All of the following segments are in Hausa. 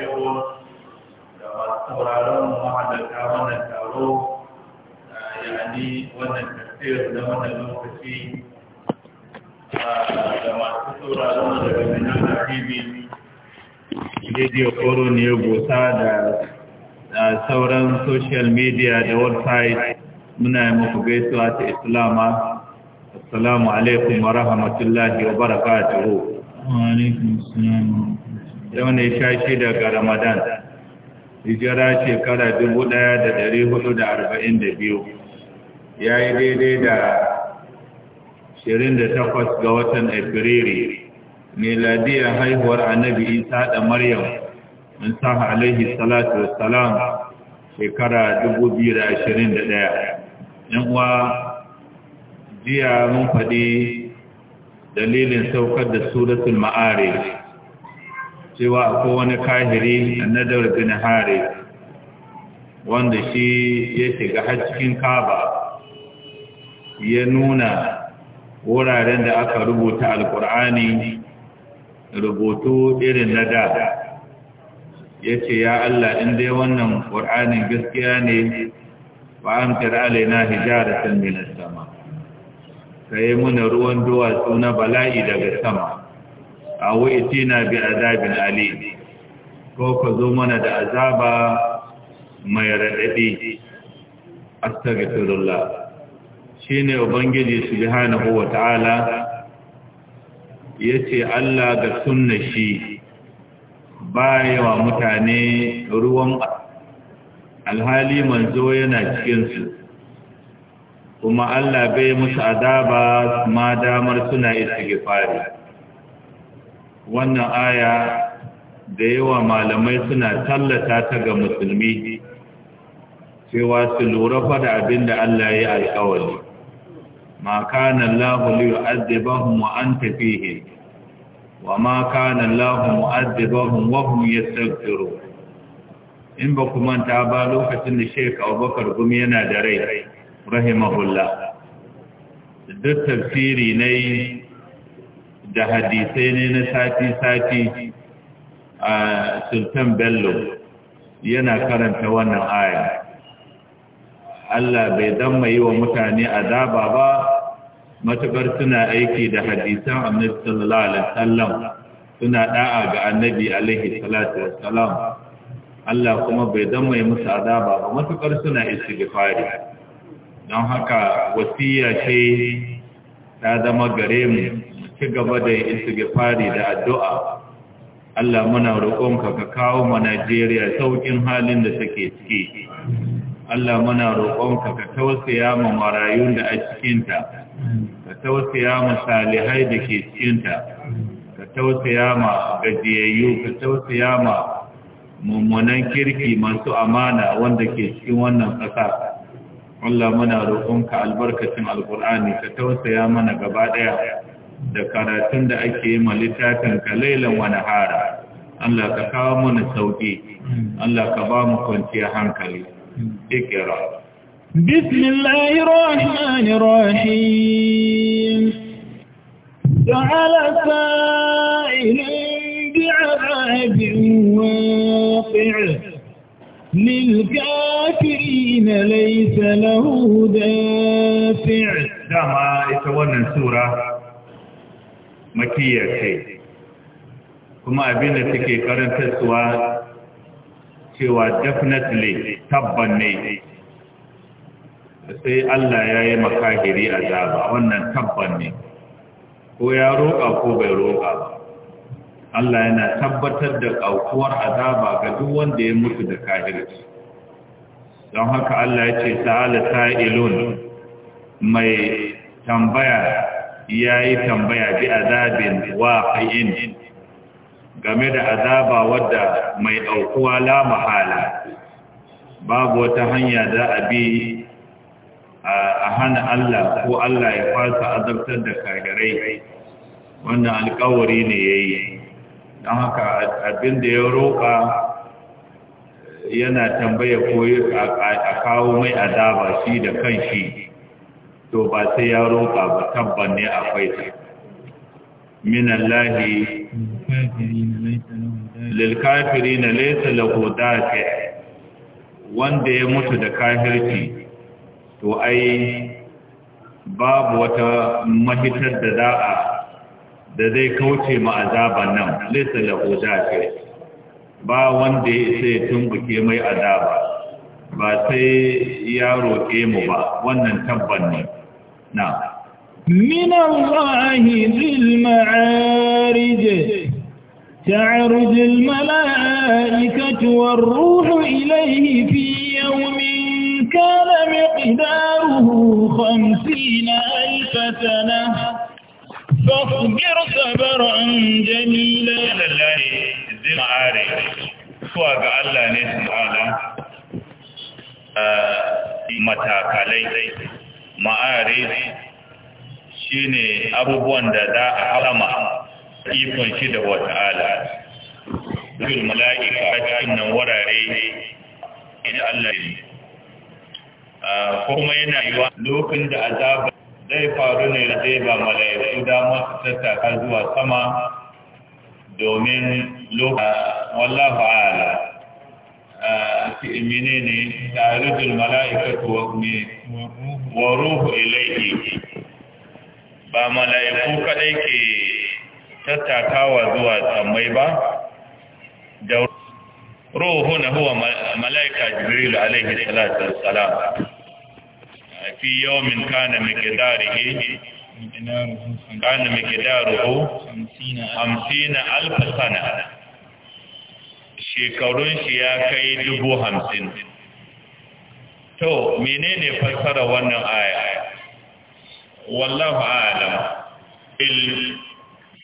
aiko da masu sauraron mahalarta wannan taro eh, yani wannan tafiyar da wannan lokaci eh, da masu sauraron daga minana tv Rediyo koro ne gusa da eh, sauran social media da website muna yi muku gaisuwa ta islama assalamu alaikum wa rahmatullahi wa barakatuhu wa alaikum assalam yau ne sha shida ga ramadan hijira shekara dubu ɗaya da ɗari hudu da arba'in da biyu ya yi daidai da shirin da takwas ga watan afiriri miladiyar haihuwar annabi isa da maryam in sa alaihi salatu wassalam shekara dubu biyu da ashirin da ɗaya yan uwa jiya mun faɗi dalilin saukar da suratul ma'arij cewa akwai wani kahiri nadar bin hari wanda shi ya shiga har cikin kaba ya nuna wuraren da aka rubuta alkur'ani rubutu irin na da ya ce ya Allah in dai wannan ƙur'anin gaskiya ne ba amtar alaina hijaratan minas sama ka yi muna ruwan duwatsu na bala'i daga sama a wuyatina bi azabin ali ko ka zo mana da azaba mai raɗaɗi astagfirullah shine ubangiji subhanahu wata'ala yace Allah ga sunna shi bayewa mutane ruwan alhali manzo yana cikin su kuma Allah bai musu adaba ma damar suna istighfari wannan aya da yawa malamai suna tallata ta ga musulmi cewa su lura fada abin da Allah ya alkawali ma kana Allah yu'adhibuhum wa anta fihi wa ma kana Allah mu'adhibuhum wa hum yastaghfirun in ba kuma ta ba lokacin da Sheikh Abubakar Gumi yana da rai rahimahullah duk tafsiri ne da hadisai ne na sati-sati a sultan bello yana karanta wannan aya Allah bai damma yi wa mutane azaba ba matuƙar suna aiki da hadisan annabi sallallahu alaihi wasallam suna da'a ga annabi alaihi salatu wasallam Allah kuma bai damma yi musu azaba ba matuƙar suna istighfari don haka wasiya ce ta zama gare mu ci gaba da istighfari da addu'a Allah muna roƙonka ka kawo ma Najeriya sauƙin halin da take ciki Allah muna roƙonka ka tausaya ma marayun da a cikinta ka tausaya ma salihai da ke cikinta ka tausaya ma gajiyayyu ka tausaya ma mummunan kirki masu amana wanda ke cikin wannan ƙasa Allah muna roƙonka albarkacin alƙur'ani ka tausaya mana gaba ɗaya da karatun da ake yi ma littafin ka lailan wa nahara Allah ka kawo mana sauki Allah ka ba mu kwanciyar hankali ikira bismillahir rahmanir rahim للكافرين ليس له دافع دعما ita wannan sura makiyar ce kuma abin da take karantarsuwa cewa definitely tabban ne sai Allah ya yi makahiri azaba. wannan tabban ne ko ya roƙa ko bai roƙa ba Allah yana tabbatar da ƙaukuwar azaba ga duk wanda ya mutu da kahirci don haka Allah ya ce ta'ala ilul mai tambaya ya yi tambaya bi azabin waƙi'in game da azaba wadda mai aukuwa la mahala babu wata hanya za a bi a hana Allah ko Allah ya fasa azabtar da kagarai wannan alkawari ne ya yi don haka abin da ya roƙa yana tambaya ko a kawo mai azaba shi da kan shi to ba sai ya roƙa ba tabban ne akwai ta minallahi lilkafiri na laisa lahu dafi wanda ya mutu da kafirci to ai babu wata mahitar da za'a da zai kauce ma azaban nan laisa lahu dafi ba wanda ya sai tumbuke mai azaba ba sai ya roƙe mu ba wannan tabban ne نعم من الله ذي المعارج تعرج الملائكة والروح إليه في يوم كان مقداره خمسين ألف سنة فاصبر صبرا جميلا لله ذي المعارج فوق الله Allah ne su shi ne abubuwan da za a halama ikon shi da wata'ala yul mala'ika a cikin nan wurare inda Allah ne kuma yana yiwa lokacin da azaba zai faru ne da zai ba mala'iku dama su tattaka zuwa sama domin lokacin wallahu a'ala menene tarihul mala'ikatu wa ruhu ilaihi ba mala'iku kadai ke tattakawa zuwa Samai ba da ruhu na huwa mala'ika jibril alaihi salatu wassalam fi yawmin kana miqdarihi kana miqdaruhu 50 alf sana shekarun shi ya kai dubu hamsin to menene fassara wannan aya wallahu alam il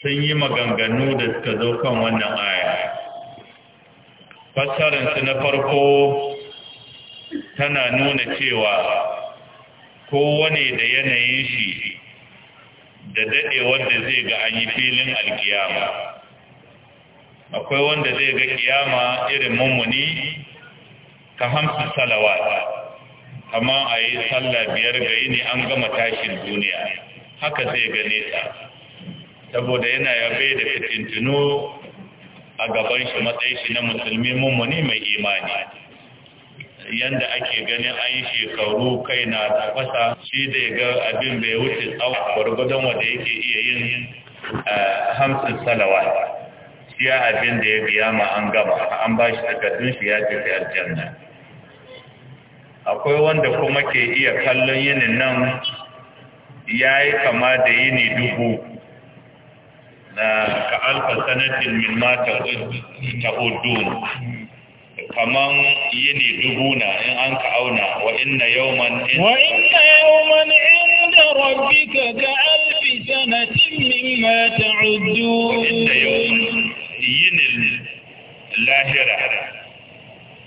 sun yi maganganu da suka zo kan wannan aya fassaransu na farko tana nuna cewa kowane da yanayin shi da dadewar da zai ga an yi filin alkiyama akwai wanda zai ga kiyama irin mummuni ka hamsu salawa. amma a yi sallah biyar ga yini an gama tashin duniya haka zai gane ta saboda yana yabe da fitintunu a gaban shi matsayi shi na musulmi mummuni mai imani yanda ake ganin an yi shekaru kai na tafasa shi da ya ga abin bai wuce tsawon gwargwadon wanda yake iya yin eh, hamsin salawa shi abin da ya biya ma an gama an ba shi takardun shi ya tafi aljanna akwai wanda kuma ke iya kallon yinin nan ya yi kama da yini dubu na ka'alfa sanatin min mata hudu kaman yini dubu na in an ka auna wa inna yawman wa inna yawman inda rabbika ka alfi sanatin mimma ta'udun wa inna yawman yinin lahira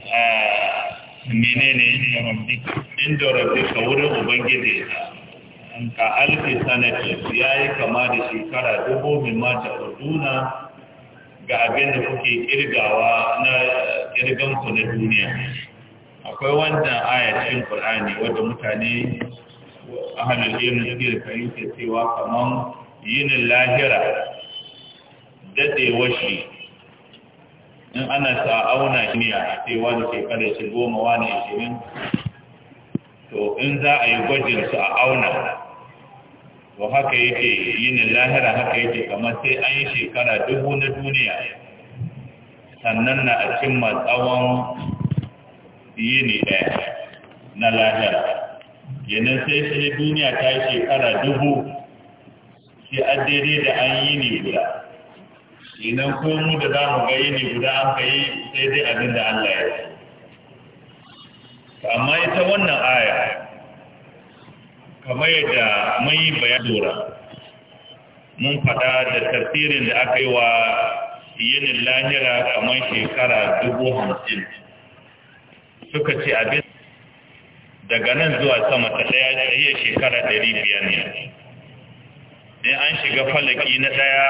ah, menene inda rabbi inda rabbika wurin ubangiji ka alfi sanatin ya yi kama da shekara dubu min mata orduna ga abin da kuke kirgawa na kirganku na duniya akwai wannan ayacin qurani wanda mutane a hannun suke cewa kaman yin lahira dadewar shi in ana sa auna shi ne a cewa da shekara shi goma wani ne to in za a yi gwajin su a auna to haka yake yin lahira haka yake kamar sai an yi shekara dubu na duniya sannan na a cimma tsawon yini ɗaya na lahira yanin sai shi duniya ta yi shekara dubu shi a daidai da an yi ne guda kenan ko mu da za mu gayi ne guda an kai sai dai abin da Allah ya ce amma ita wannan aya kamar yadda mun yi bayan dora mun faɗa da tasirin da aka yi wa yinin lahira kamar shekara dubu hamsin suka ce abin daga nan zuwa sama ta ɗaya iya shekara ɗari biyar ne in an shiga falaki na ɗaya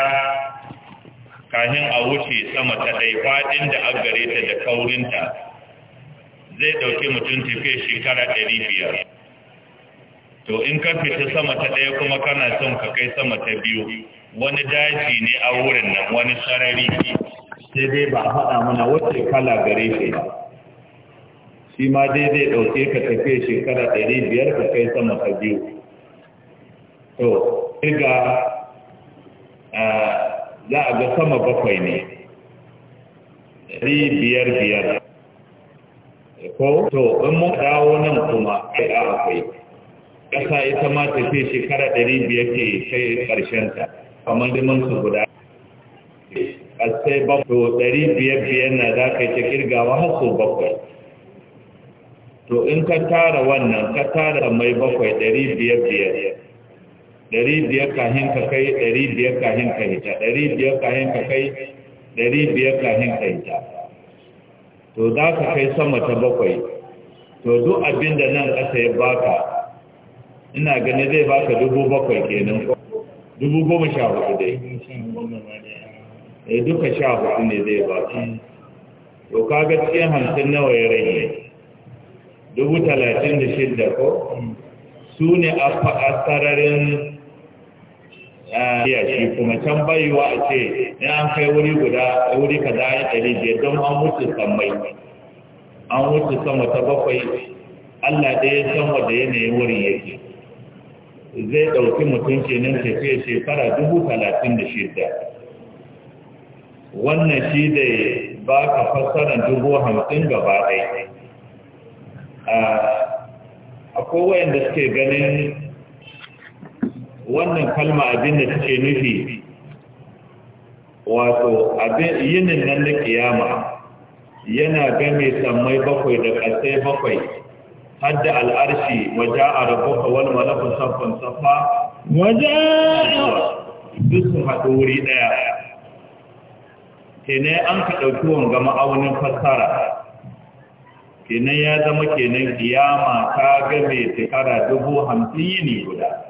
kahin a wuce sama ta dai fadin da an gare ta da kaurinta zai dauke mutum tafiya shekara ɗari biyar to in ka fita sama ta ɗaya kuma kana son ka kai sama ta biyu wani daji ne a wurin nan wani sarari sai dai ba a haɗa mana wacce kala gare shi shi ma dai zai ɗauke ka tafiya shekara ɗari biyar ka kai sama ta biyu to ga eh, za a ga sama bakwai ne biyar biyar ko to in mun dawo nan kuma kai a akwai ƙasa ita ma ta ce shekara ɗari biyar ke kai ƙarshenta kamar mun su guda a sai bakwai ɗari biyar biyar na za ka yi ta kirgawa har sau bakwai to in ka tara wannan ka tara mai bakwai ɗari biyar biyar ɗari biyar kahin ka kai ɗari biyar kahin ka hita ɗari biyar kahin ka kai ɗari biyar kahin ka hita to za ka kai sama ta bakwai to duk abin da nan ƙasa ya baka ina gani zai baka dubu bakwai kenan dubu goma sha hudu dai eh duka sha hudu ne zai baka to kaga cikin hamsin nawa ya rage dubu talatin da shidda ko mm. su ne a sararin ya shi kuma can baiwa a ce in an kai wuri guda wuri da ya ɗari biyar don an wuce samai an wuce sama ta bakwai Allah ɗaya ya san wanda yanayin ya yake zai ɗauki mutum kenan tafiya shekara dubu talatin da shida wannan shi da ba ka fassara dubu hamsin gaba ɗaya ah, akwai wayanda suke ganin wannan kalma abin da take nufi wato abin yinin nan na kiyama yana game sammai bakwai da ƙasai bakwai har da al'arshi waje a rabuka wani malakun saffan saffa waje duk su haɗu wuri ɗaya kenan an ka ɗauki wanga ma'aunin fassara kenan ya zama kenan kiyama ta game shekara dubu hamsin yini guda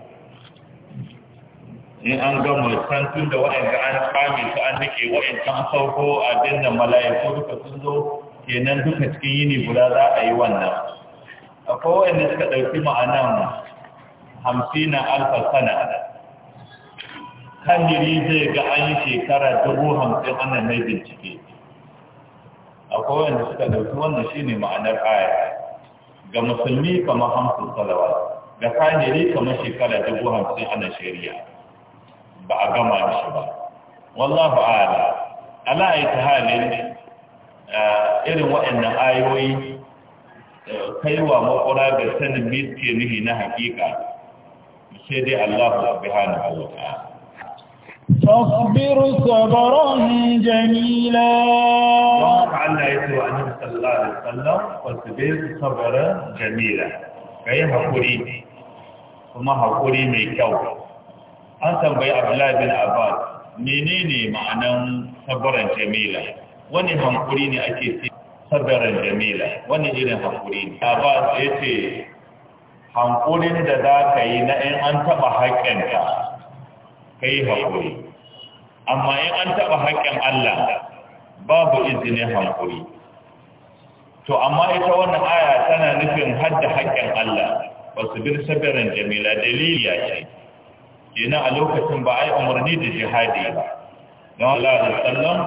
in an gama san tun da wa'anda an kame su an nake wa'in kan sauko a dinnan mala'iku duka sun zo kenan duka cikin yini guda za a yi wannan akwai wa'anda suka ɗauki ma'anan hamsina alfa sana kandiri zai ga an yi shekara dubu hamsin ana mai bincike akwai wanda suka ɗauki wannan shi ne ma'anar aya ga musulmi kamar hamsin salawa ga kandiri kamar shekara dubu hamsin ana shari'a ba a gama shi ba wallahu ala ala ta halin eh, irin waɗannan ayoyi eh, kaiwa makura ga sanin miske nuhi na hakika sai dai Allah subhanahu wa ta'ala فاصبر صبرا جميلا الله يسوى أنه صلى الله عليه وسلم فاصبر صبرا جميلا كي هكوري كما هكوري ميكو an tambayi abdullahi bin abbas menene ma'anan sabaran jamila wani hankuri ne ake ce sabaran jamila wani irin hankuri ne abbas ya ce hankurin da za ka yi na in an taɓa haƙƙinka ka yi hankuri amma in an taɓa haƙƙin allah babu izinin hankuri to amma ita wannan aya tana nufin hadda haƙƙin allah ba su bin sabirin jamila dalili ya ce kenan a lokacin ba a yi umarni da jihadi ba don Allah da sallam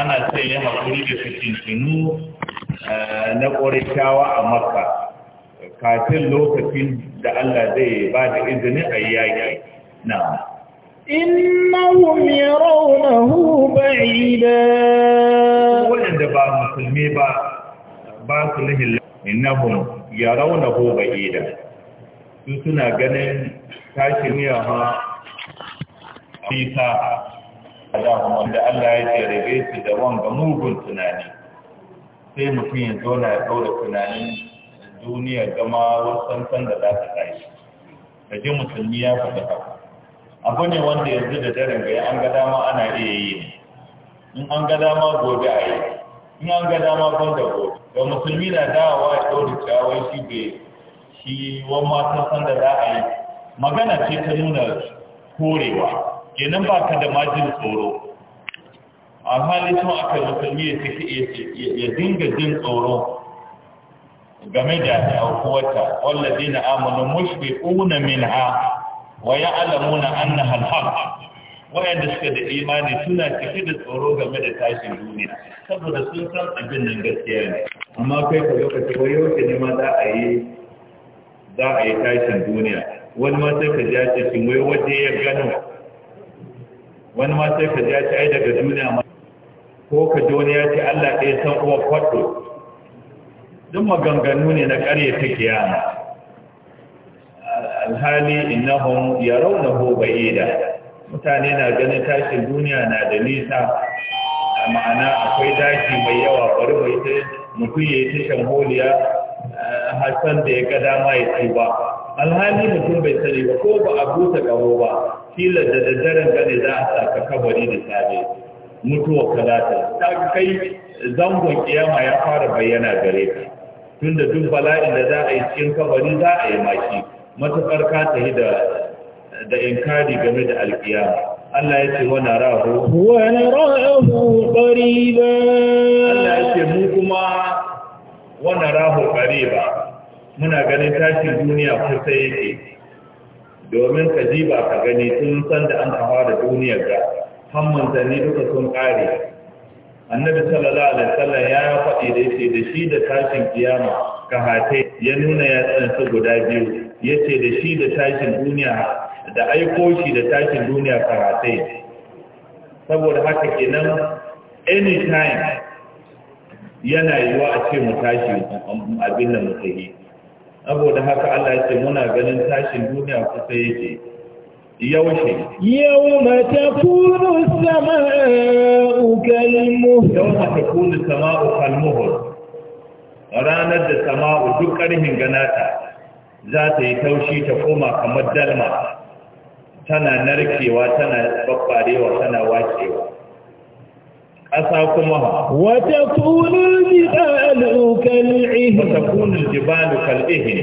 ana sai ya haƙuri da tunu eh, na ƙorishawa a makka kafin lokacin da Allah zai ba da izinin a yaƙi na innahum yarawnahu ba'ida wanda ba musulmi ba ba su lahin innahum yarawnahu ba'ida su suna ganin tashin yawa A da wanda Allah ya ce rage su da wanga mugun tunani sai mutum ya zauna ya ɗaura tunanin duniya gama wasan san da za ta tashi da ji musulmi ya faɗi haka abu ne wanda yanzu da daren gari an ga dama ana iya yi ne in an ga dama gobe a yi in an ga dama ban da gobe da musulmi na dawowa ya ɗaura cewa shi bai shi wani matan san da za a yi magana ce ta nuna korewa kenan ba ka da majin tsoro a halin sun aka musulmi ya dinga jin tsoro game da aukuwata wallazi na amonu mushbi una min ha wa ya alamuna an na halhaf wayanda suka da imani suna cike da tsoro game da tashin duniya saboda sun san abin nan gaskiya ne amma kai ka lokaci wai yau ne ma za a yi za a yi tashin duniya wani ma sai ka ja wai waje ya gano wani ma sai ka ji ci ai daga duniya ma ko ka ji wani ya ce Allah ɗaya san uwa kwaɗo duk maganganu ne na ƙarya ta kiyama alhali innahum yarawnahu ba'ida mutane na ganin tashin duniya na da nisa ma'ana akwai daki mai yawa bari mai ta mutum ya yi ta shamholiya eh, hassan da ya ga dama ya ba alhali mutum bai sani ba ko ba a busa ƙaho ba kila da daddaren ka ne za a saka kabari da safe mutuwa ka za ta ta kai zangon kiyama ya fara bayyana gare ka tunda duk bala'in da za a yi cikin kabari za a yi maki matuƙar ka ta yi da inkari game da alkiyama Allah ya ce rahu Wani wa narahu qariba Allah ya ce mu kuma wa narahu qariba muna ganin tashin duniya kusa yake domin ka ji ba ka gani tun san da an kawo da duniyar ga hamman ni duka sun kare annabi sallallahu alaihi wasallam ya faɗi da yace da shi da tashin kiyama ka hate ya nuna ya tsansa guda biyu yace da shi da tashin duniya da aiko shi da tashin duniya ka hate saboda haka kenan anytime yana yiwa a ce mu tashi abin da mu tafi. saboda haka Allah ya ce muna ganin tashin duniya kusa yake yaushe yawma ta kunu samau kalmuh yawma ta kunu samau kalmu ranar da sama'u duk karhin ganata za ta yi taushi ta koma kamar dalma tana narkewa tana babbarewa tana wacewa ƙasa kuma wata kunun jibalu kal'ihi wata kunun jibalu kal'ihi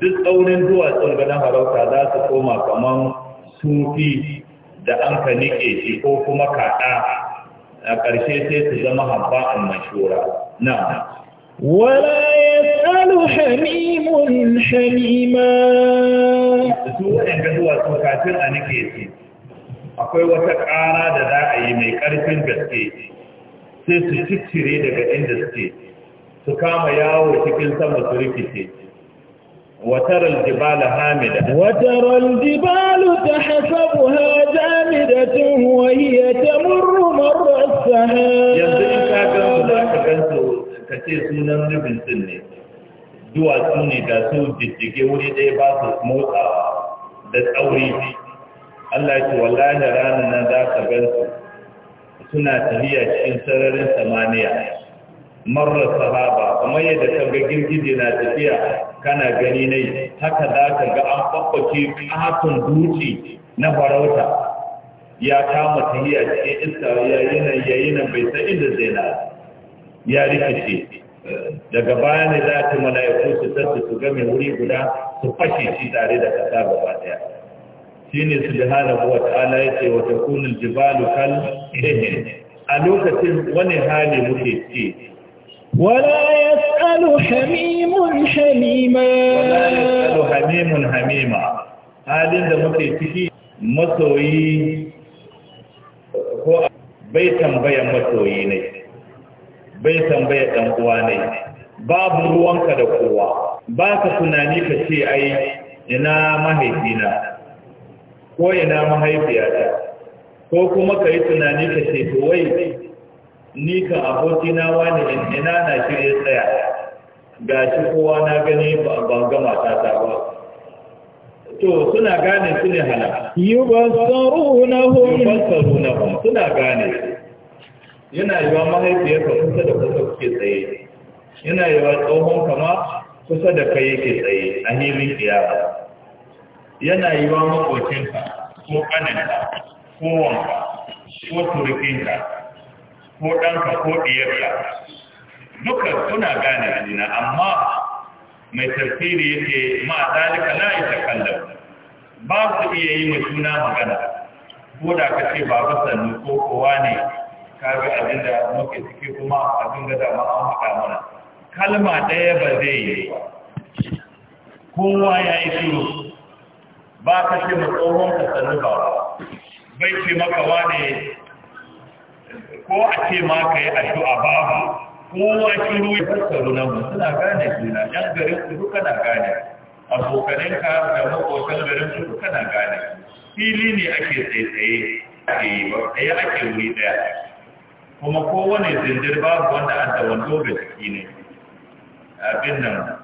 duk tsaunin duwatsun ganin harauta za su koma kaman sufi da an ka nike shi ko kuma kaɗa a ƙarshe sai su zama habba an mashura wala ya tsalu hamimun hamima su waɗanda duwatsu kafin a akwai wata ƙara da za a yi mai ƙarfin gaske sai su ciccire daga inda suke su kama yawo cikin sama su rikice watar aljibala hamida watar aljibala ta hasabu ha jamida tun wani ta murru marasa yanzu in ka gan su za ka ka ce sunan rubin ne duwatsu ne da su jijjige wuri ɗaya ba su motsawa da tsauri Allah ce wallahi ranar nan za ka gan suna tafiya cikin sararin samaniya marar sahaba kamar yadda ka ga girgije na tafiya kana gani ne haka za ka ga an babbace katon duci na farauta ya kama tafiya cikin iska yayin yayin bai sa inda zai na ya rikice daga baya ne za ta mala'iku su tattace su game wuri guda su fashe shi tare da kasa gaba daya shine subhanahu wa ta'ala yace wa takunul jibalu kal a lokacin wani hali muke ce wala yasalu hamimun hamima wala yasalu hamimun hamima halin da muke ciki masoyi ko bai tambaya masoyi ne bai tambaya dan uwa ne babu ruwanka da kowa ba ka tunani ka ce ai ina mahaifina ko ina mahaifiyata ko kuma ka yi tunani ka ce to wai ni kan abokina wani ina na shirya tsaya ga shi kowa na gani ban ga matata ba to suna gane su ne hala yubassarunahum yubassarunahum suna gane yana yiwa mahaifiyarka kusa da kusa kuke tsaye yana yiwa tsohon kama kusa da kai yake tsaye a hilin kiyama yana yi wa makocinka ko ƙaninka ko wanka ko surukinka ko ɗanka ko ɗiyarka duka suna gane jina, amma mai tafiri yake ma na la kallon. ba su iya yi mai suna magana ko da ka ce babu sannu ko kowa ne ka bi abin muke ciki kuma abin da dama an haɗa mana kalma ɗaya ba zai yi kowa ya yi shiru ba ka ce ma tsohon ka sannu ba bai ce maka wane ko a ce ma ka yi addu'a babu kowa shiru ya fassaru nan ba suna gane juna yan garin su duka na gane ka da makotan garin su duka na gane fili ne ake tsaye-tsaye ake yi ake wuri ɗaya kuma kowane zindir babu wanda an da wando ga ne abin nan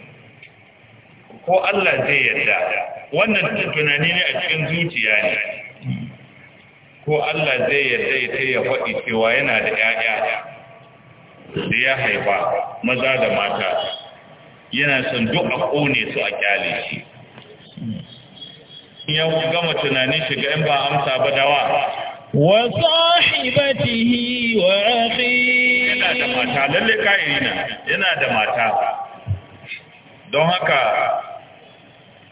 ko Allah zai yarda wannan tunani ne a cikin zuciya ne ko Allah zai yarda ya ta ya faɗi cewa yana da ƴaƴa da ya haifa maza da mata yana son duk a kone su a kyale shi ya gama tunanin shiga in ba amsa ba dawa wa sahibatihi wa akhi yana da mata lalle kairina yana da mata don haka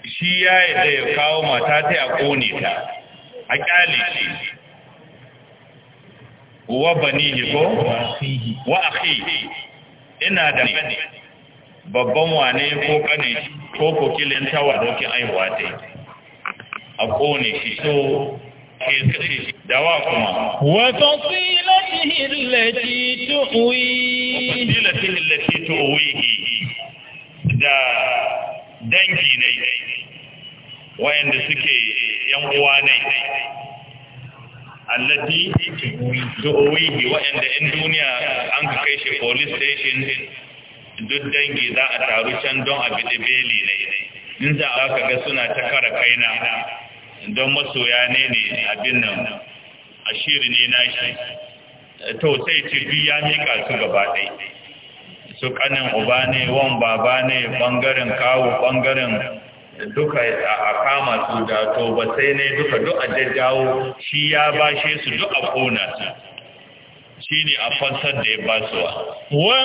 shi ya da ya kawo mata ta ya ƙone ta a ƙyale shi wa banihi ko wa a ƙi ina da ne babban wane ko ƙane ko kokilin tawa dokin aiwa ta a ƙone shi so wa kuma التي تؤويه وفصيلته التي tu'uwi da dangi ne wayanda suke yan uwa ne allati du'uwihi wayanda in duniya an kai shi police station duk dangi za a taru can don a bi beli ne in za a ka ga suna ta kara kaina don masoya ne ne abin nan ashiri ne na shi to sai ci biya mika su gaba ɗaya su kanin uba ne wan baba ne bangaren kawo bangaren duka a kama su da to ba sai ne duka duk a jajjawo shi ya bashe su duk a kona su shi ne a fansar da ya basuwa Wa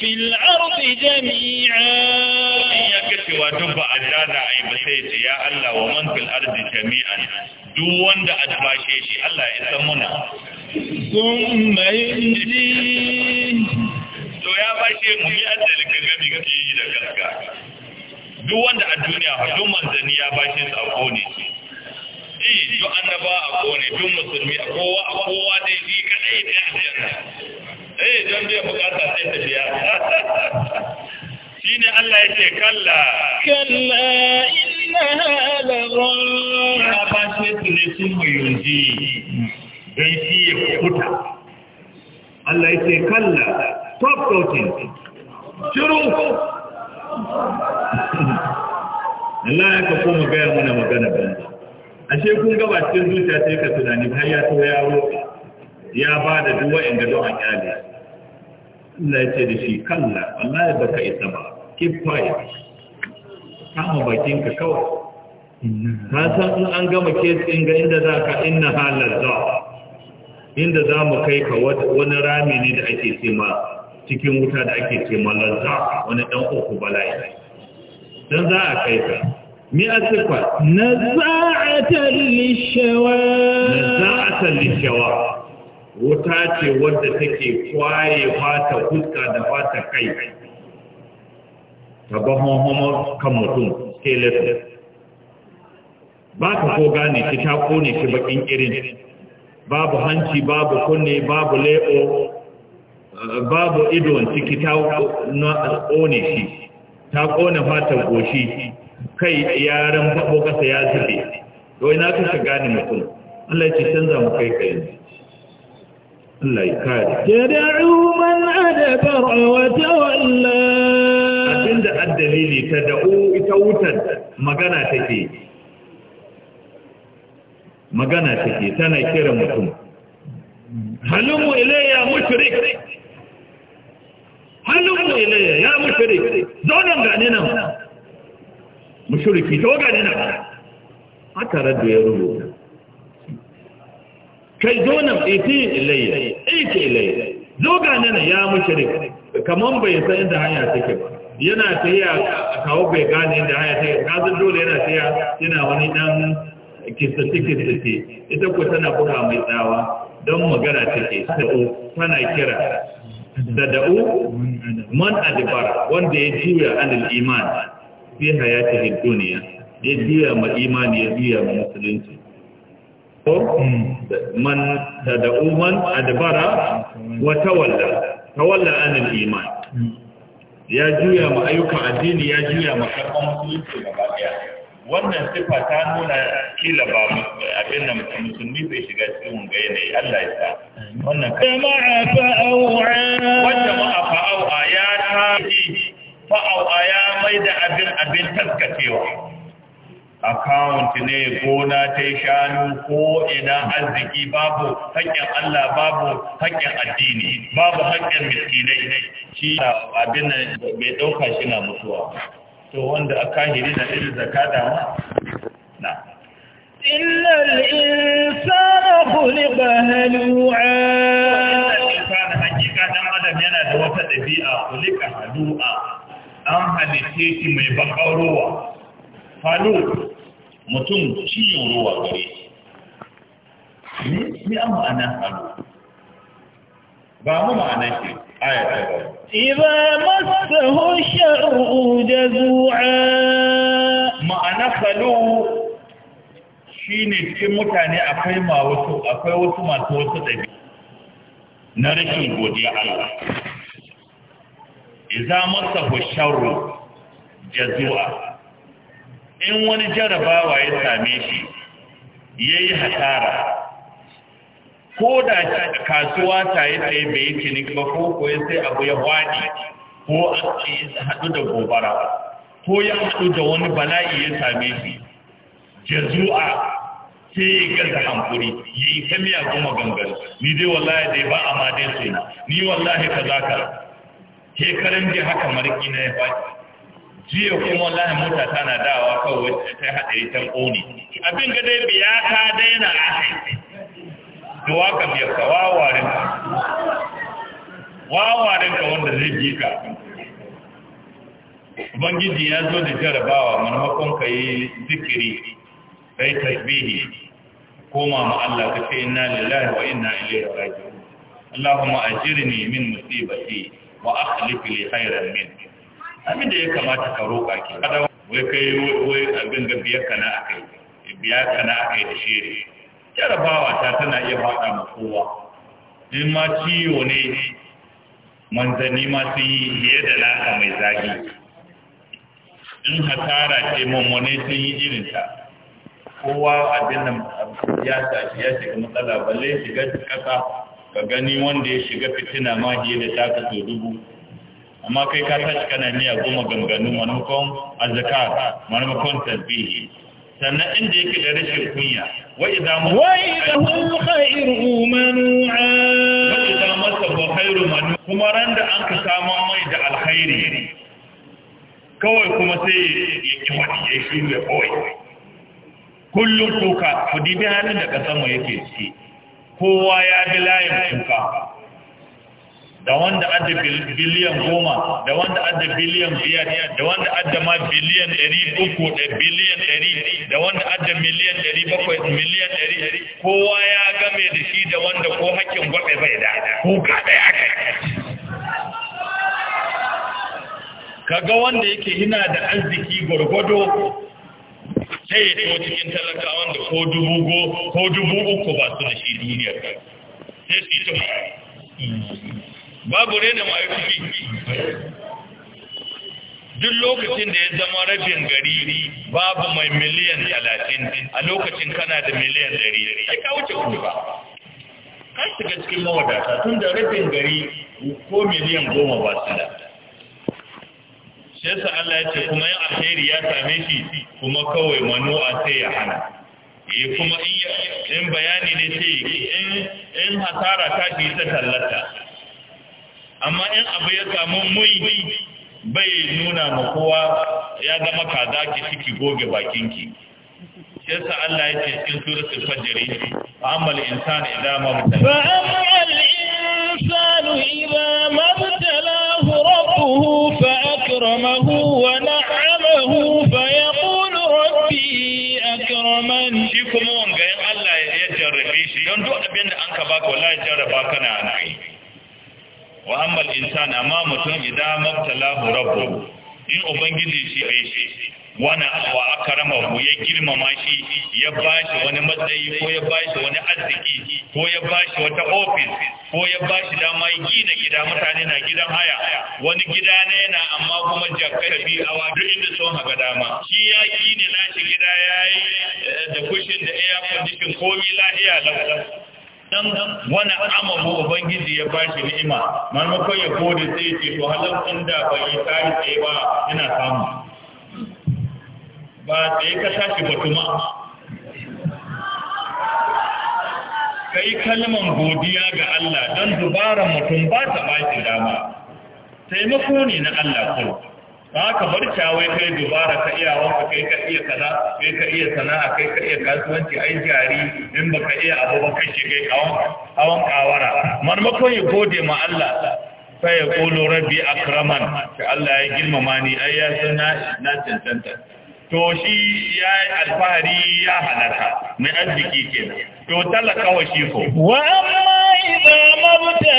fil ardi jami'a ya kace wa duk ba a dada ai ba sai ce ya Allah wa fil ardi jami'a duk wanda a bashe shi Allah ya san muna sun mai to ya bashe mu yi adali gami ke yi da gaska duk wanda a duniya duk manzani ya bashe su a kone shi eh to annaba a kone duk musulmi a kowa a kowa dai shi kadai da aljanna eh don bai bukata sai ta biya shine Allah yake kalla kalla inna laghun ya bashe su ne sun muyunji dai shi ya kuta Allah yake kalla top coaching shiru Allah ya ka mu gaya mana magana banza ashe kun gaba cikin zuciya sai ka tunani har ya to ya roƙa ya ba da duwa in ga don a kyale Allah ya ce da shi kalla Allah ya baka isa ba keep quiet kama bakin ka kawai ka san in an gama kesin ga inda za ka inna halar za inda za mu kai ka wani rami ne da ake ce ma cikin wuta da ake ce malazza wani dan uku bala'i dan za a kai ka mi asifa naza'atan lishawa naza'atan lishawa wuta ce wadda take kwaye fata fuska da fata kai ta bahon kan mutum skeleton ba ka ko gane ki ta kone ki bakin irin babu hanci babu kunne babu leo babu idon ciki ta ƙone shi ta ƙone fatan goshi kai yaren babu ƙasa ya zube yau na kusa gane mutum Allah ya ce canza mu kai kai Allah ya kare tad'u man adbara wata walla. abinda addalili da'u ita wutar magana take magana take tana kira mutum ya ilayya mushrik hannun ilayya ya mushrik zo gane nan mushriki zo gane nan haka ya rubuta kai zo iti ilayya iti ilayya zo gane nan ya mushrik kamar bai san inda hanya take ba yana tafiya a kawo bai gane inda hanya take ba. kazin dole yana tafiya yana wani dan kistace-kistace ita ku tana buga mai tsawa don magana take sa'o tana kira Dada'u man adibara wanda ya juya anil iman fi hayatihin duniya ya juya ma imani ya juya ma musulunci ko man dada'u man adibara wa tawalla tawalla anil iman ya juya ma ayyukan addini ya juya ma karɓar musulunci gaba daya wannan sifa ta nuna kila ba abin da musulmi bai shiga cikin wanga yanayi Allah ya sa wannan jama'a fa'au'a wanda ma'a fa'au'a ya tashi fa'au'a ya mai da abin abin taskacewa account ne gona ta shanu ko ina arziki babu haƙƙin Allah babu haƙƙin addini babu haƙƙin miskinai shi abin da bai ɗauka shi na mutuwa to wanda aka hiri na irin zaka dama na inna al-insana khuliqa halu'a insana hakika dan adam yana da wata dabi'a khuliqa halu'a an halice shi mai bakarowa halu mutum shi ruwa gare shi ni an ma'ana halu ba mu ma'ana shi إذا مسه الشر جزوعا ma'ana salo shi ne cikin mutane akwai wasu akwai wasu masu wasu ɗabi na rashin godiya Allah iza masa husharu jazu'a in wani jarabawa ya same shi ya yi hasara ko da kasuwa ta yi tsaye bai yi cinik ba ko koyi sai abu ya wani ko an haɗu da gobara ko ya haɗu da wani bala'i ya same shi jazu'a sai ya gaza hankuri ya yi ta miya goma gangar ni dai wallahi dai ba a ma dai yi ni wallahi ka za ka ke karin ji haka mariki na ya faɗi jiya kuma wallahi mota tana dawa kawai ta haɗari ta ƙone abin ga dai biya ka daina a haifai to ka biyar ka wawarin ka wawarin ka wanda zai ji ka ubangiji ya zo da jarabawa maimakon ka yi zikiri kai tasbihi koma ma Allah ka ce inna lillahi wa inna ilaihi a jiri ajirni min ba musibati wa akhlif li khairan min abin da ya kamata ka roƙa ki kada wai yi wai abin ga biyar kana akai biya kana akai da shiri jarabawa ta tana iya faɗa ma kowa in ma ciwo ne manzanni ma sun yi fiye da naka mai zagi in hasara ce mummune sun yi irinta kowa abin da ya tafi ya shiga matsala balle shiga kasa ka gani wanda ya shiga fitina ma fiye da taka kaso dubu amma kai ka tashi kana niya goma ganganu manumakon azaka manumakon tasbihi sannan inda yake da rashin kunya wai idan mu wai idan khairu manu'a wai idan masa ba khairu manu kuma ran da an ka samu mai da alkhairi kawai kuma sai ya ki wani ya shi ya kawai kullum kuka ku dibi halin da kasan mu yake ciki kowa ya bi layin kuka da wanda adda biliyan goma da wanda adda biliyan biyar da wanda adda ma biliyan ɗari uku da biliyan ɗari da wanda adda miliyan ɗari bakwai miliyan ɗari kowa ya game da shi da wanda ko hakkin gwaɓe bai da kuka ɗaya aka kaga wanda yake hina da arziki gwargwado sai ya tso cikin talakawan da ko dubu go ko dubu uku ba su da shi duniyar sai su yi ta babu rena mai fiki duk lokacin da ya zama rabin gari babu mai miliyan talatin a lokacin kana da miliyan dari ya ka wuce kudu ba ka shiga cikin mawadata tun da rabin gari ko miliyan goma ba su da shi Allah ya ce kuma yin alheri ya same shi kuma kawai a sai ya hana yi eh, kuma in bayani ne sai in hasara ta shi ta tallata amma in abu ya samu mai bai nuna ma kowa ya zama kaza ki ciki goge bakinki shi yasa Allah ya ce cikin suratul fajr amma al-insanu idza ma mutala fa amma abdun idan mabtalahu rabbu in ubangiji shi bai shi wani wa ya girmama shi ya bashi wani matsayi ko ya bashi wani arziki ko ya bashi wata office ko ya bashi dama gina gida mutane na gidan haya wani gida na yana amma kuma jakka bi a wadu inda sun haka dama shi ya gine nashi gida yayi eh, da kushin da air condition komi lahiya lau dan wani amma ubangiji ya bashi ni'ima maimakon ya gode sai ya ce to halar inda bai yi tsari tsaye ba yana samu ba tsaye ka tashi ba tuma ka yi kalman godiya ga Allah don dubaran mutum ba ta ba dama taimako ne na Allah kawai ba ka bar shawai kai dubara ka iya wanka kai ka iya kaza kai ka iya sana'a kai ka iya kasuwanci ai jari in ba ka iya abu ba kai kai hawan kawara marmakon ya gode ma Allah sai ya kolo rabbi akraman ta Allah ya girmama ni ai ya na cancanta to shi ya yi alfahari ya halaka mai arziki kenan to talaka wa shi ko wa amma idan mabta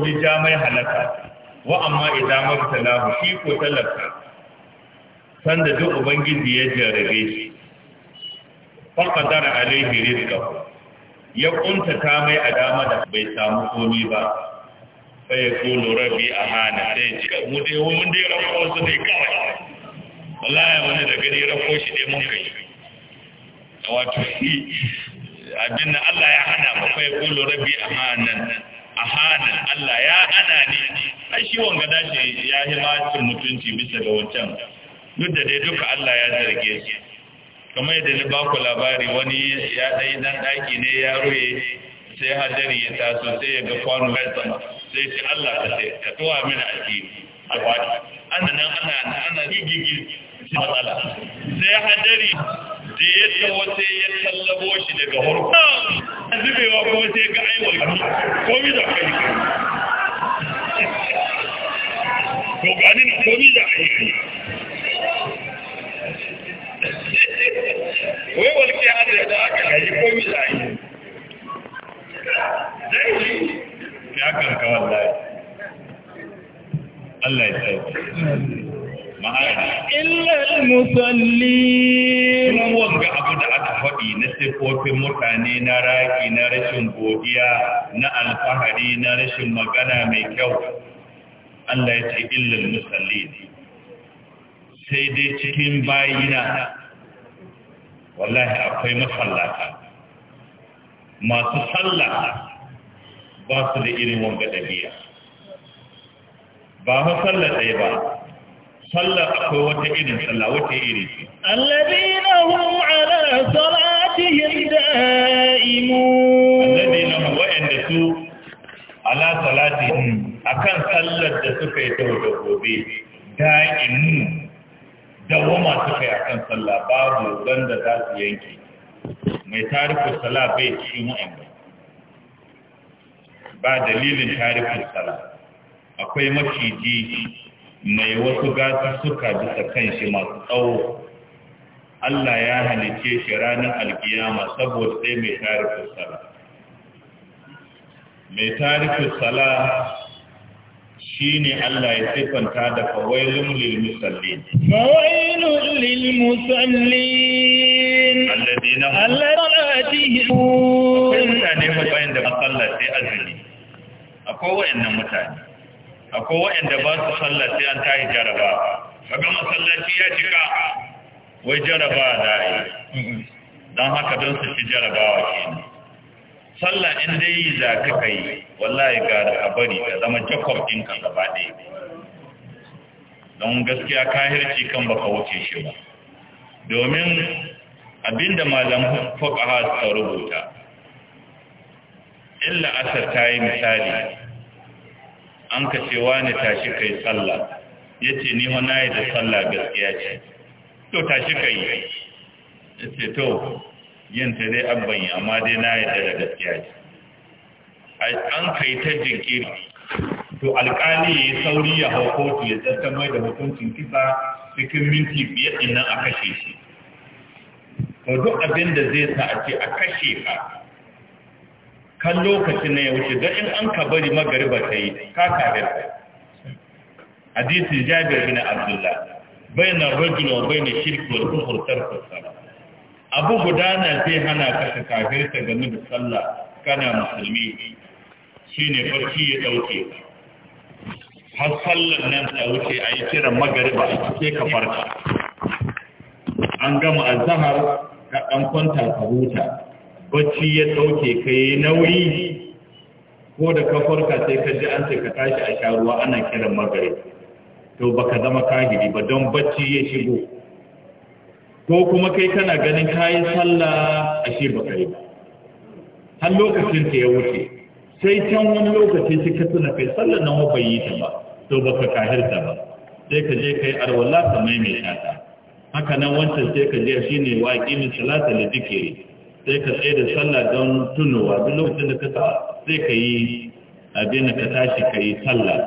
ko bi ja mai halaka wa amma idan hu shi ko talaka sanda duk ubangiji ya jarabe shi qadara alaihi rizqa ya kunta ta mai adama da bai samu komi ba fa ya kulu rabi a hana sai ce mu dai mun dai rafo su dai kawai wallahi wani da gani rafo shi dai mun kai wato shi abin Allah ya hana mu fa ya kulu rabi a a hannun Allah ya ana ne ai shi wanga dace ya yi macin mutunci bisa ga wancan duk da dai duka Allah ya zarge shi kamar yadda ni baku labari wani ya ɗai dan ɗaki ne ya ruye sai hadari ya taso sai ya ga kwano mai sama sai shi Allah ka ce ka tuwa mini a ke ana nan ana ana gigigi matsala sai hadari da yadda wata ya tallabo shi daga zubewa kuma sai ga aiwal komi da kai ko gani na komi da wai da aka komi da zai yi ne aka Allah ya tsaye illal musallin wanga abu da aka faɗi na sifofin mutane na raki na rashin godiya na alfahari na rashin magana mai kyau Allah ya ce illal musallin sai dai cikin bayina wallahi akwai masallata masu sallah ba su da irin wanga dabi'a ba mu ɗaya ba sallar akwai wata irin sallah wata irin ce alladina hum ala salatihim da'imun alladina hum wa'anda su ala salatihim akan sallar da suka yi ta wata gobe da'imun dawama suka yi a kan sallah babu wanda za su yanke mai tarifin sallah bai ci wa'anda ba dalilin tarifin sallah akwai maciji mai wasu suka bisa kan shi masu tsawo Allah ya halice shi ranar alkiyama saboda sai mai tarifin sala mai tarifin sala shi ne Allah ya siffanta da fawailun lil musalli. fawailun lil musallin alladina alladina akwai mutane da masallaci azumi akwai wayannan mutane akwai waɗanda ba su sallah sai an tashi jaraba kaga masallaci ya cika wai jaraba da yi don haka don su ci jarabawa ne sallah in dai za ka kai wallahi ga da bari ka zama jakob ɗinka gaba ɗaya don gaskiya kahirci kan baka wuce shi ba domin abinda malam fuqaha suka rubuta illa asar ta yi misali an ka ce wani tashi kai sallah ya ce ni wana yi da sallah gaskiya ce to tashi kai ya ce to yin ta dai abban yi amma dai na yi da gaskiya ce an kai ta jinkiri to alƙali ya yi sauri ya hau kotu ya tattamai da hukuncin kisa cikin minti biyar idan a kashe shi to duk abin da zai sa a ce a kashe ka kan lokaci na ya wuce don in an ka bari magariba ta yi ka kafirta hadisi jabir bin abdullah bayna rajul wa bayna shirk shirki kufr tarku salat abu gudana zai hana ka kafirta game da sallah kana musulmi shine farki ya dauke har sallar nan ta wuce a yi kiran magariba sai ka farka an gama azahar ka dan kwanta ka huta bacci ya ɗauke ka yi nauyi ko da ka farka sai ka ji an ce ka tashi a sharuwa ana kiran magare to baka zama kahiri ba don bacci ya shigo ko kuma kai kana ganin kayan sallah a shi ka yi ba har lokacin ta ya wuce sai can wani lokaci sai ka tuna kai sallar nan ba yi ta ba to baka kahirta ba sai ka je kai arwala ka maimaita ta haka nan wancan sai ka je shi ne wa ƙimin salata da dhikri sai ka tsaye da sallah don tunowa duk lokacin da ka sai ka yi abin da ka tashi ka yi sallah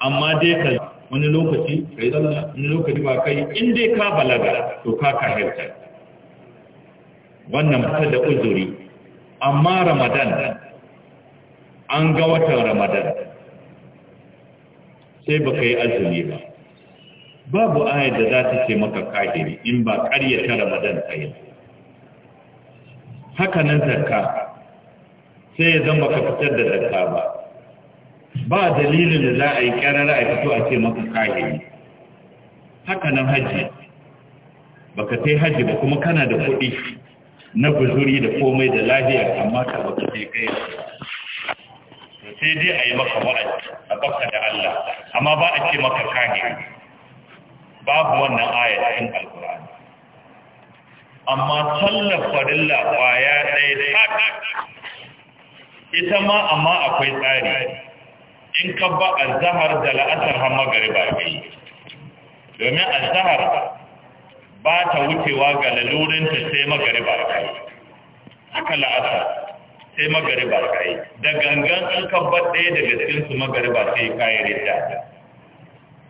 amma dai ka wani lokaci ka yi sallah wani lokaci ba ka yi in dai ka balaga to ka hirta. wannan ba da uzuri amma ramadan an ga watan ramadan sai ba ka yi azumi ba babu ayar da za ta ce maka kahiri in ba ƙaryata ramadan ta yi ba haka nan zakka sai ya zama ka fitar da zakka ba ba dalilin da za a yi kyarar a fito a ce maka kahiri haka nan hajji ba ka sai hajji ba kuma kana da kuɗi na guzuri da komai da lahiya amma ka ba ka sai kai sai dai a yi maka wa'azi a baka da Allah amma ba a ce maka kahiri babu wannan ayat cikin alkur'ani amma sallar farilla kwaya ɗaya tak ita ma amma akwai tsari in ka ba a zahar da la'asar hamma gari ba kai domin zahar ba ta wucewa ga lalurinta sai magari ba yi, haka la'asar sai magari ba yi. da gangan in ka ba ɗaya daga cikinsu magari ba sai kayi rita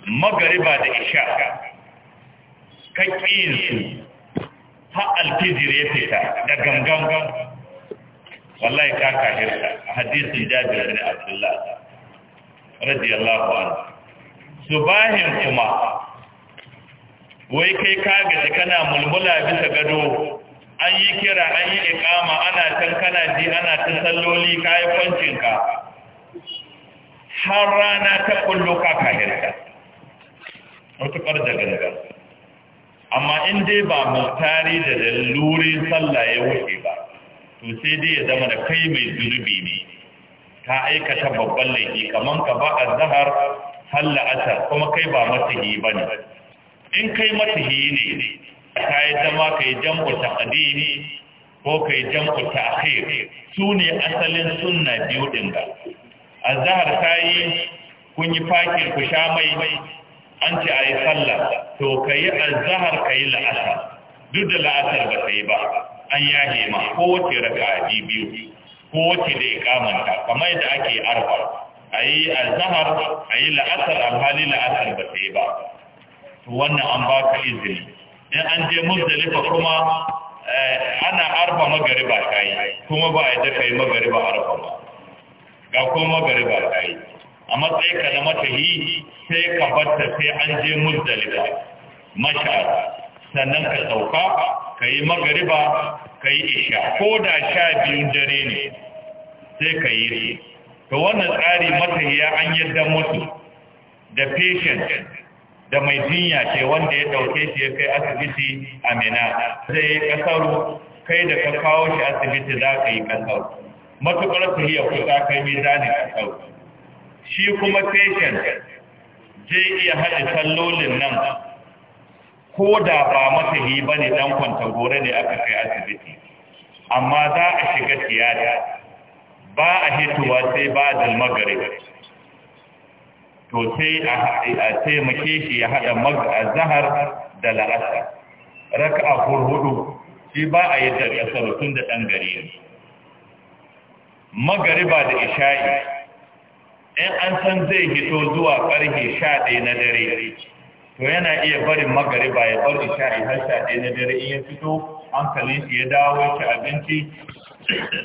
magari ba da isha ka ƙi su har alfijir ya fita da gangan wallahi ka kahirta a hadisin jabir a tsalla radiyallahu su bahin kuma wai kai ka gaji kana mulmula bisa gado an yi kira an yi ikama ana can kana ji ana ta salloli ka yi kwancinka har rana ta kullu ka kahirta mutukar da gangan amma in dai ba mutari da lalurin sallah ya wuce ba to sai dai ya zama da kai mai zunubi ne ka aikata babban laifi kaman ka ba azhar sallah asar kuma kai ba matahi bane in kai matahi ne ka yi zama kai yi ta qadimi ko ka yi jam'u Su sune asalin sunna biyu din ga azhar kai kun yi fakir ku sha mai an ce a yi sallah to ka yi alzahar ka yi la'asar duk da la'asar ba ta yi ba an yahe ma kowace raka a ji biyu kowace da ya kamanta kamar yadda ake arba? a yi azahar a yi la'asar alhali la'asar ba ta yi ba wannan an ba ka izini in an je muzdalifa kuma eh, ana arfa magariba ta yi kuma ba a yi dafa yi magariba arba ba ga kuma magariba ta yi a matsayin ka na matahi sai ka batta sai an je muzdalifa mashar sannan ka sauka ka yi magariba ka yi isha ko da sha biyun dare ne sai ka yi to wannan tsari matahiya an yadda mutu da patient da mai jinya ce wanda ya dauke shi ya kai asibiti a mina zai kasaru kai da ka kawo shi asibiti za ka yi kasaru matuƙar su yi kusa kai mizanin kasaru shi kuma patient zai iya haɗe tallolin nan ko da ba yi ba ne ɗan kwanta gore ne aka kai asibiti amma za a shiga tiyata ba a hituwa sai ba a dalmagari. to sai a taimake shi ya haɗa zahar da la'asa raka a hurhudu shi ba a yi da ƙasar tun da ɗan gari magariba da isha'i in an san zai hito zuwa ƙarfe sha ɗaya na dare to yana iya barin magariba ya bar a har sha ɗaya na dare in ya fito hankalin shi ya dawo ya ci abinci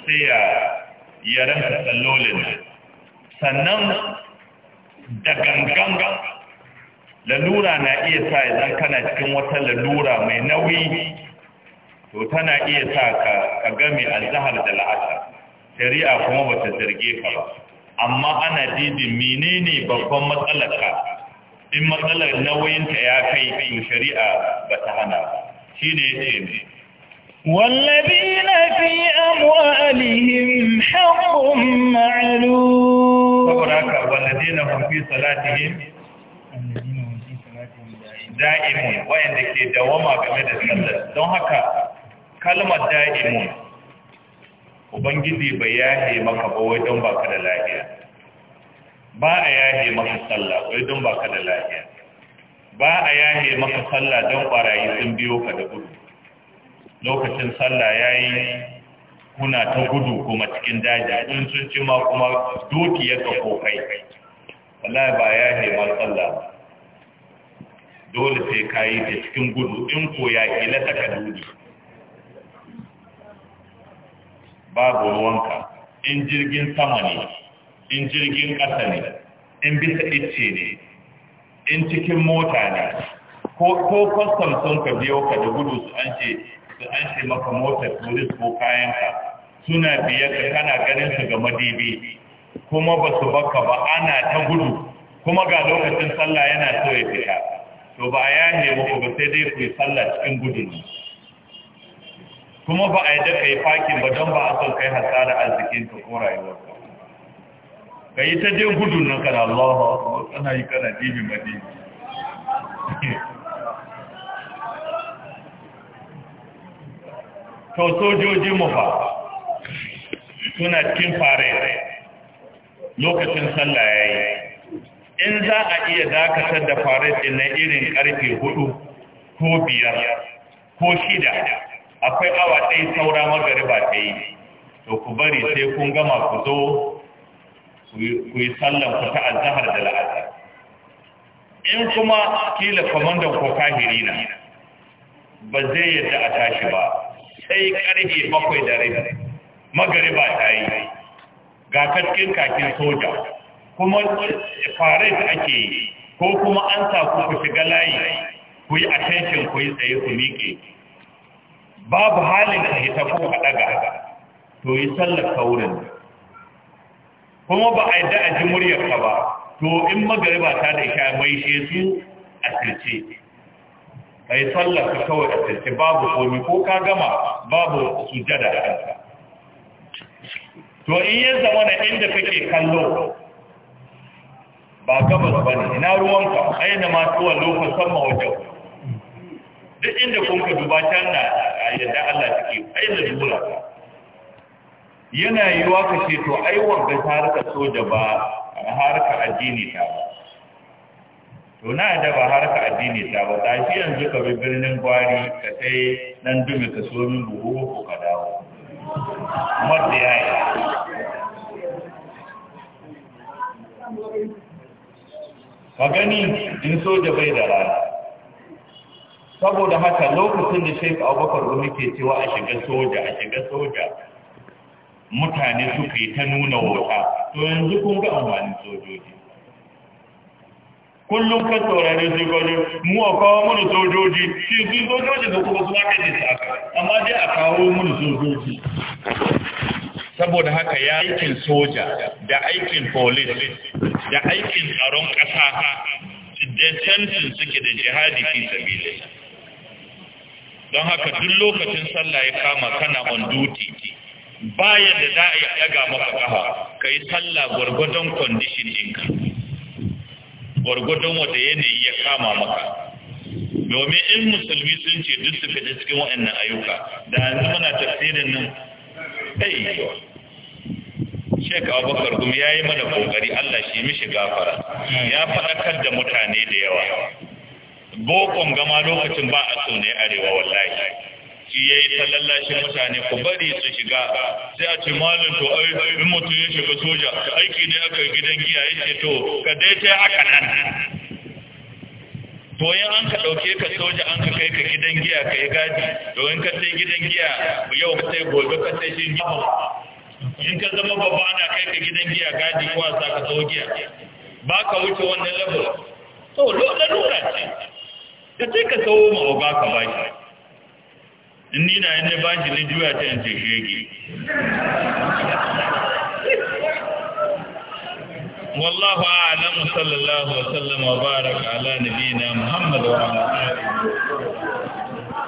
sai ya ya ranka sallolin sannan da gangan lalura na iya sa idan kana cikin wata lalura mai nauyi to tana iya sa ka gami alzahar da la'asar shari'a kuma bata zarge ka ba amma ana didin menene babban matsalarka in matsalar nauyinta ya kai to shari'a ba ta hana shi ne ya ce ne amuwa alihim haƙun ma'alu saboda ka wallabi na في salatihim da'imun wayanda ke dawama game da sallar don haka kalmar da'imun ubangiji bai yahe maka ba wai don baka da lafiya ba a yahe maka sallah wai don baka da lafiya ba a yahe maka sallah don barayi sun biyo ka da gudu lokacin sallah ya yi kuna ta gudu kuma cikin daji in sun ci ma kuma doki ya kafo kai wallahi ba yahe ma sallah dole sai ka yi ta cikin gudu in ko ya ta ka babu ruwanka in jirgin sama ne in jirgin ƙasa ne in bisa icce ne in cikin mota ne ko kwastam sun ka biyo ka da gudu su an ce su an ce maka motar turis ko kayanka suna biyar ka kana ganin su ga madibi kuma ba su baka ba ana ta gudu kuma ga lokacin sallah yana so ya fita to ba ya nemo ku ba sai dai ku yi sallah cikin gudu ne kuma ba a yi daga ka yi fakin ba don ba a son kai hasara ka ko rayuwarka ka yi ta je gudu na kan Allah kana yi kana dibi madi to sojoji mu fa suna cikin fare lokacin sallah ya yi. in za a iya dakatar da fare din na irin karfe hudu ko biyar ko shida akwai awa ɗaya saura magariba ta yi to ku bari sai kun gama ku zo ku yi sallan ku ta azahar da la'azar in kuma kila kwamandan ko kahiri na ba zai yadda a tashi ba sai ƙarfe bakwai da rai magariba ta yi ga katkin kakin soja kuma da ake yi ko kuma an sa ku ku shiga layi ku yi tashin ku yi tsaye ku miƙe babu halin ka hita tafi ka daga to yi sallar kaurin kuma ba a yadda a ji muryarka ba to in magariba ta da isha mai she su a sirce ka yi sallar ka kawai a sirce babu komi ko ka gama babu su jada da kanka to in yi zama na inda kake kallo ba gabas ba ne ina ruwanka aina masu wa lokacin mawajen duk inda kun ka duba can na yadda Allah take ai da dubura yana yiwa ka ce to ai wanda harka soja ba harka addini ta ba to na da ba harka addini ta ba ta shi yanzu ka bi birnin gwari ka sai nan dume ka so min buhu ko ka dawo madda ya yi ka gani in soja bai da rana saboda haka lokacin da Sheikh Abubakar Gumi ke cewa a shiga soja a shiga soja mutane suka yi ta nuna wata to yanzu kun ga amfanin sojoji kullum kan saurare zai gwaje, mu a kawo mana sojoji shi su sojoji da kuma suna kai nisa aka amma dai a kawo mana sojoji saboda haka ya aikin soja da aikin police da aikin tsaron ƙasa da canjin suke da jihadi fi da don haka duk lokacin sallah ya kama kana on duty baya da za a yi daga maka kafa ka yi sallah gwargwadon condition ɗinka gwargwadon wata yanayi ya kama maka domin in musulmi sun ce duk su fita cikin waɗannan ayyuka da yanzu muna tafsirin nan kai Bakar Abubakar ya yi mana ƙoƙari Allah shi mishi gafara ya faɗakar da mutane da yawa bokon gama lokacin ba a so ne arewa wallahi shi ya yi ta mutane ku bari su shiga sai a ce malin to in mutum ya shiga soja aiki ne aka gidan giya ya ce to ka dai ta haka nan to yin an ka ɗauke ka soja an ka kai ka gidan giya ka yi gadi domin ka sai gidan giya yau ka sai gobe ka sai shi in ka zama babba ana kai ka gidan giya gadi ko a sa ka so giya ba ka wuce wannan labar to lalura ce ka ce ka kawo ma oba ka ba shi in ni na yin ba shi ne juya ta yance shege wallahu a'lamu sallallahu wa sallama wa baraka ala nabiyina muhammad wa ala alihi